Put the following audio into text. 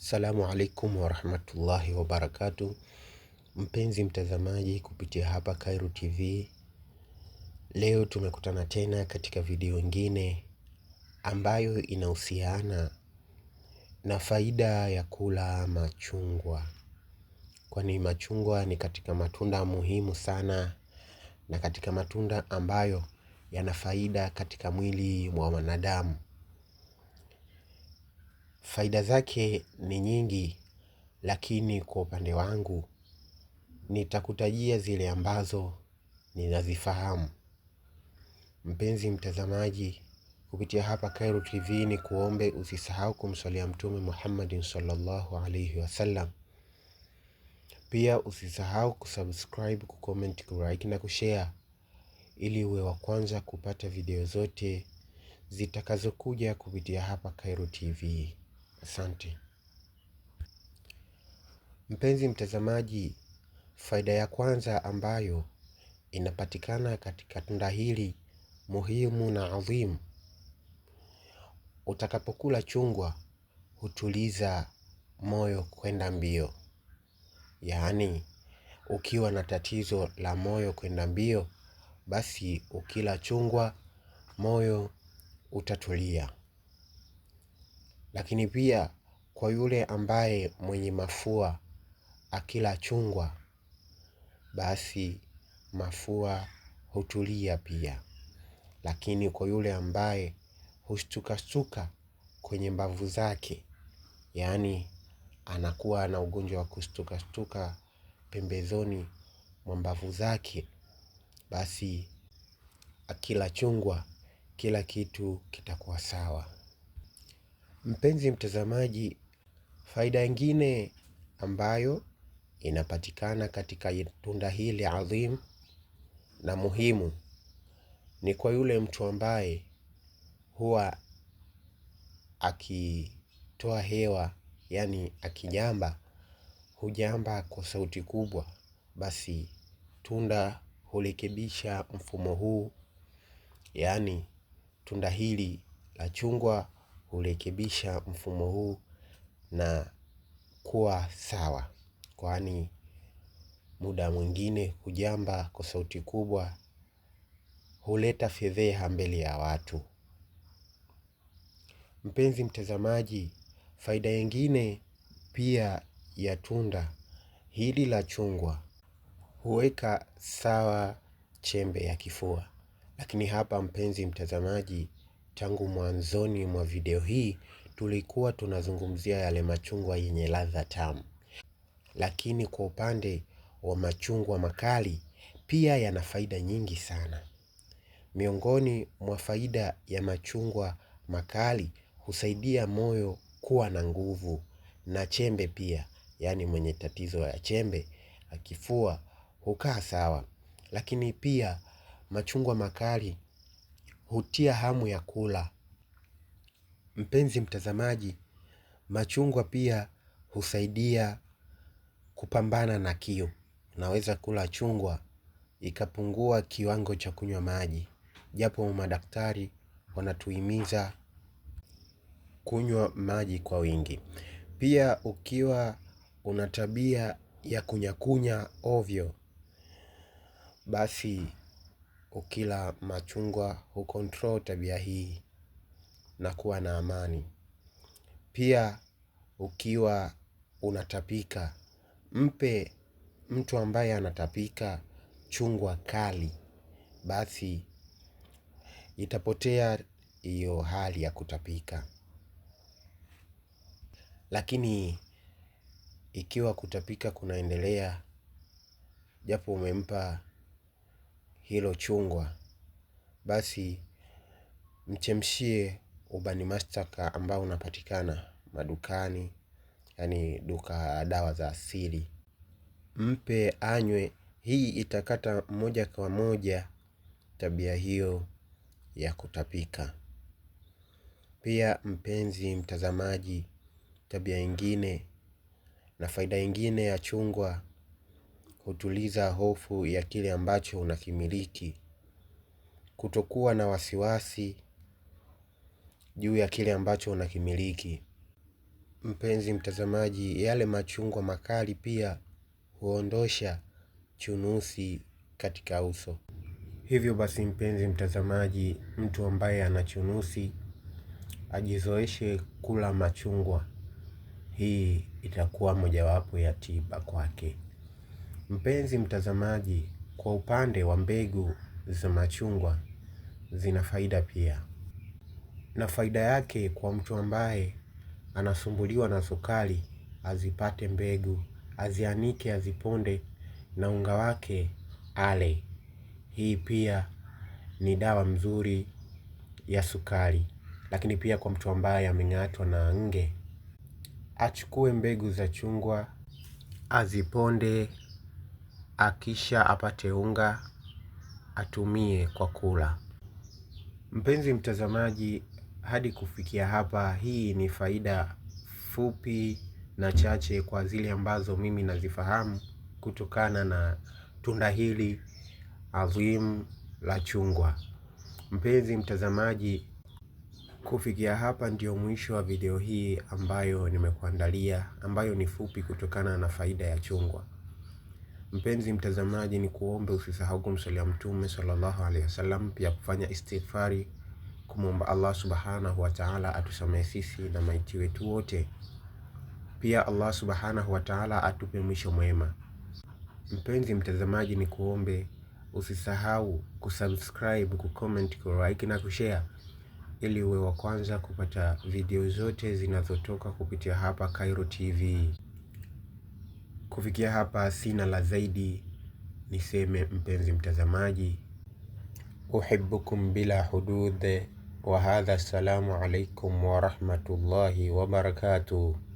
Salamu alaikum warahmatullahi wabarakatu, mpenzi mtazamaji kupitia hapa Khairo TV. Leo tumekutana tena katika video ingine ambayo inahusiana na faida ya kula machungwa, kwani machungwa ni katika matunda muhimu sana na katika matunda ambayo yana faida katika mwili wa wanadamu. Faida zake ni nyingi lakini kwa upande wangu nitakutajia zile ambazo ninazifahamu. Mpenzi mtazamaji kupitia hapa Khairo TV kuombe usisahau kumswalia Mtume Muhammadin sallallahu alaihi wasallam. Pia usisahau kusubscribe, kucomment, kulike na kushare ili uwe wa kwanza kupata video zote zitakazokuja kupitia hapa Khairo TV. Asante mpenzi mtazamaji, faida ya kwanza ambayo inapatikana katika tunda hili muhimu na adhimu, utakapokula chungwa hutuliza moyo kwenda mbio. Yaani, ukiwa na tatizo la moyo kwenda mbio, basi ukila chungwa moyo utatulia. Lakini pia kwa yule ambaye mwenye mafua akila chungwa basi mafua hutulia pia. Lakini kwa yule ambaye hushtukashtuka kwenye mbavu zake, yaani anakuwa na ugonjwa wa kushtukashtuka pembezoni mwa mbavu zake, basi akila chungwa kila kitu kitakuwa sawa. Mpenzi mtazamaji, faida nyingine ambayo inapatikana katika tunda hili adhimu na muhimu ni kwa yule mtu ambaye huwa akitoa hewa, yani akijamba, hujamba kwa sauti kubwa, basi tunda hurekebisha mfumo huu, yani tunda hili la chungwa hurekebisha mfumo huu na kuwa sawa kwani muda mwingine kujamba kwa sauti kubwa huleta fedheha mbele ya watu. Mpenzi mtazamaji, faida nyingine pia ya tunda hili la chungwa huweka sawa chembe ya kifua. Lakini hapa mpenzi mtazamaji, Tangu mwanzoni mwa video hii tulikuwa tunazungumzia yale machungwa yenye ladha tamu. Lakini kwa upande wa machungwa makali pia yana faida nyingi sana. Miongoni mwa faida ya machungwa makali husaidia moyo kuwa na nguvu na chembe pia, yaani mwenye tatizo ya chembe akifua hukaa sawa. Lakini pia machungwa makali hutia hamu ya kula. Mpenzi mtazamaji, machungwa pia husaidia kupambana na kiu. Unaweza kula chungwa ikapungua kiwango cha kunywa maji, japo madaktari wanatuhimiza kunywa maji kwa wingi. Pia ukiwa una tabia ya kunyakunya ovyo, basi ukila machungwa hukontrol tabia hii na kuwa na amani. Pia ukiwa unatapika, mpe mtu ambaye anatapika chungwa kali, basi itapotea hiyo hali ya kutapika. Lakini ikiwa kutapika kunaendelea, japo umempa hilo chungwa, basi mchemshie ubani mastaka ambao unapatikana madukani, yaani duka la dawa za asili, mpe anywe. Hii itakata moja kwa moja tabia hiyo ya kutapika. Pia mpenzi mtazamaji, tabia ingine na faida ingine ya chungwa hutuliza hofu ya kile ambacho unakimiliki, kutokuwa na wasiwasi juu ya kile ambacho unakimiliki. Mpenzi mtazamaji, yale machungwa makali pia huondosha chunusi katika uso. Hivyo basi, mpenzi mtazamaji, mtu ambaye ana chunusi ajizoeshe kula machungwa. Hii itakuwa mojawapo ya tiba kwake. Mpenzi mtazamaji, kwa upande wa mbegu za machungwa zina faida pia, na faida yake kwa mtu ambaye anasumbuliwa na sukari, azipate mbegu, azianike, aziponde na unga wake ale. Hii pia ni dawa mzuri ya sukari. Lakini pia kwa mtu ambaye ameng'atwa na nge, achukue mbegu za chungwa aziponde, akisha apate unga atumie kwa kula. Mpenzi mtazamaji, hadi kufikia hapa, hii ni faida fupi na chache kwa zile ambazo mimi nazifahamu kutokana na tunda hili adhimu la chungwa. Mpenzi mtazamaji, kufikia hapa ndio mwisho wa video hii ambayo nimekuandalia, ambayo ni fupi kutokana na faida ya chungwa. Mpenzi mtazamaji, ni kuombe usisahau kumsalia Mtume sallallahu alaihi wasallam, pia kufanya istighfari, kumwomba Allah subhanahu wa ta'ala atusamehe sisi na maiti wetu wote, pia Allah subhanahu wa ta'ala atupe mwisho mwema. Mpenzi mtazamaji, ni kuombe usisahau kusubscribe, kucomment, kulike na kushare ili uwe wa kwanza kupata video zote zinazotoka kupitia hapa Khairo TV. Kufikia hapa sina la zaidi, niseme mpenzi mtazamaji, uhibbukum bila hudud wa hadha. Assalamu alaikum warahmatullahi wabarakatuh.